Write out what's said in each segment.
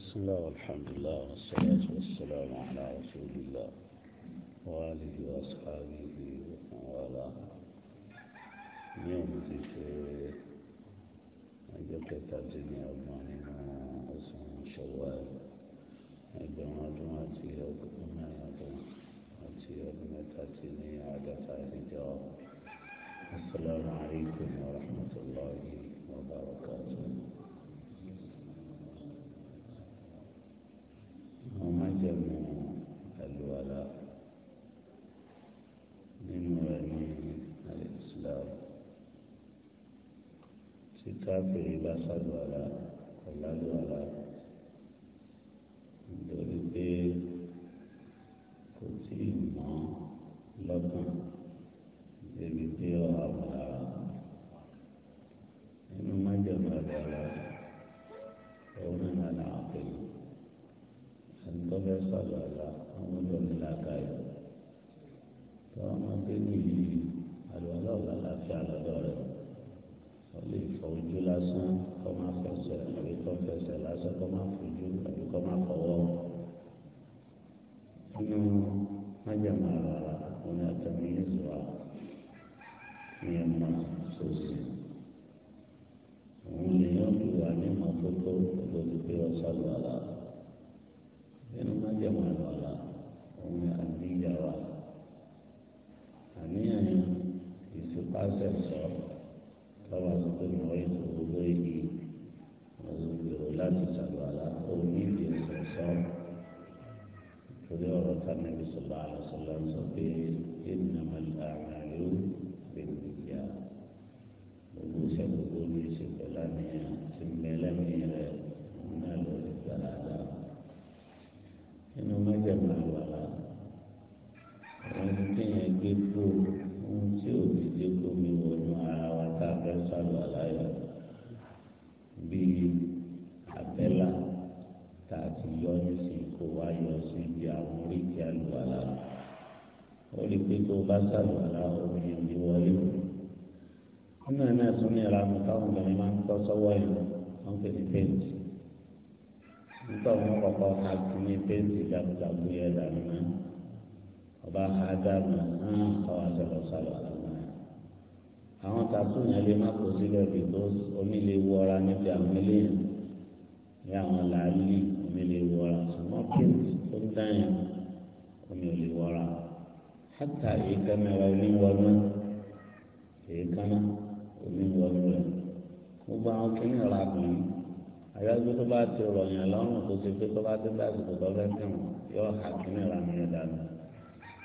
بسم الله والحمد لله والصلاة والسلام على رسول الله وآله وأصحابه ومن اليوم عندك أجل الدنيا أبناننا أسان شوال عندما أدواتي أبنى أدواتي أبنى تاتيني عادة الهجاب السلام عليكم ورحمة الله وبركاته káfíìrì bá sálù àlà ọ̀làlù àlà ojú lásán kọ́ máa fẹsẹ̀ àbí kọ́ fẹsẹ̀ lásán kọ́ máa fojú àbí kọ́ máa fọwọ́. nínú májàmá ara òun àtàwọn yẹn àwọn yẹn máa ìmọ̀lẹ́sọ̀ gbogbo èyí ọdún gbèrò láti ṣàlùwàlá omi ìdí ìṣọ̀ṣọ́ torí ọ̀rọ̀ tánàbí sọ̀lá àlọ́sọ̀lá ń sọ pé innamal a'malu bin niyyah gbogbo iṣẹ́ gbogbo ní ìṣẹ̀pẹ̀ lánìyàn. tó bá sàlùwàlà omi ìdí wọlé o nínú ẹ̀ náà tún ní ìlànà táwọn obìnrin máa ń tọ́ sọ́wọ́ ẹ̀ wọ́n pè ní péǹtì nígbà wọn kọ́kọ́ ha ti ní péǹtì jagunjagun yẹn dànù náà ọba ha dànù náà ọwọ́ àtọ̀rọ̀ sàlùwàlà náà àwọn tààtù yẹn lè má kó sílẹ̀ bìkó omi lè wọra níbi àwọn eléyìí ní àwọn làálì omi lè wọra ṣùgbọ́n péǹtì tó ń dáyà hátà èékánná rẹ oníwọnú èékánná oníwọnú rẹ gbogbo àwọn kìnìún ra kùn yìí àyájọ́ tó bá ti rọ̀yìn lọ́rùn tó ti pé tó bá ti bá àsìkò tó fẹ́ tẹ̀wọ̀n yóò ha kìnìún ra mi dànù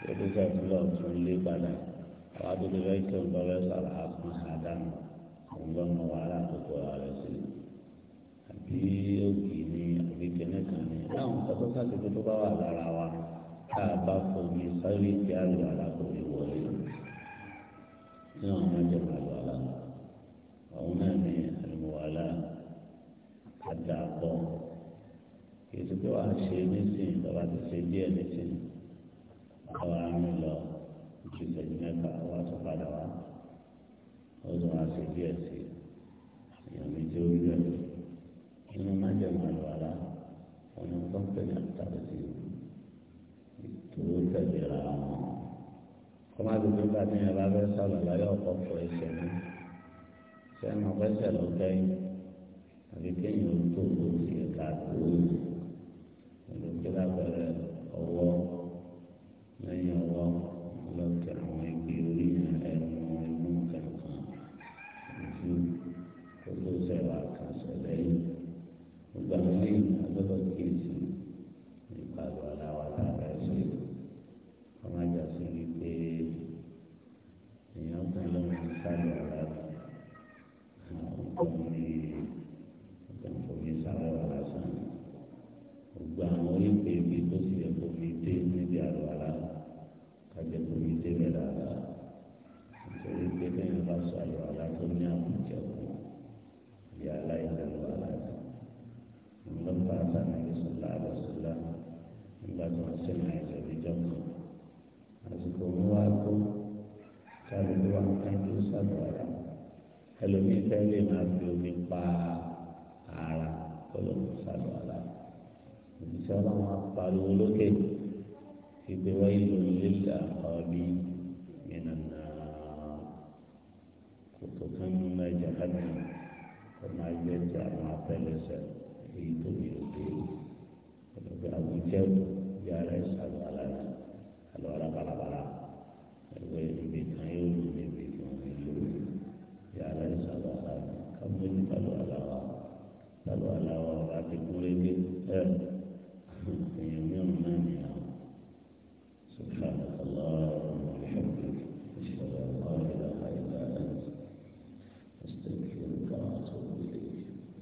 yóò tó sẹ́yìn fúlọ̀ tún lé padà àwọn àdúgbò fẹ́ kí òun lọ́wọ́ sọ̀rọ̀ àkùn àdánù òun lọ́ mọ wàhálà tó kọ̀ rẹ̀ sí àbí ògì ni àbí kìnìún kan ni láwọn kọ́tọ́ sàtìkú tó bá wà lára wa tá a bá fomi sáré tí a lò alákòwé wọlé ní àwọn ọmọdé màlúù àlá àwọn náà ní àlùmọ́ àlá àdàpọ̀ ètò pé wàá ṣe nísìnyí lọ́ba ti ṣe díẹ̀ nísìnyí. kẹjìlá kọ́má ti ní bá ní ẹ̀rọ abẹ́ sọ̀rọ̀ láyé ọ̀pọ̀ fọ ẹsẹ̀ mi sẹ́nu ọ̀pẹ́sẹ̀ ló kẹ́yìn àbí kéyìn ó tó o ti ẹ̀ka tó o ìlú kí lábẹ́rẹ́ ọwọ́ lẹ́yìn ọwọ́. lè máa fi omi pa ara ọlọ́run sálọ àlá òṣìṣẹ́ ọlọ́run apariwo lókè ìgbé wáyé lórí lílà ọ̀bí ìnànà kòtò kan nínú ẹja hàmì kò máa yẹ ti àwọn apẹlẹsẹ èyí tó mi ò dé ọlọ́gbẹ́ àwùjẹ́ òkú. Yeah. Uh,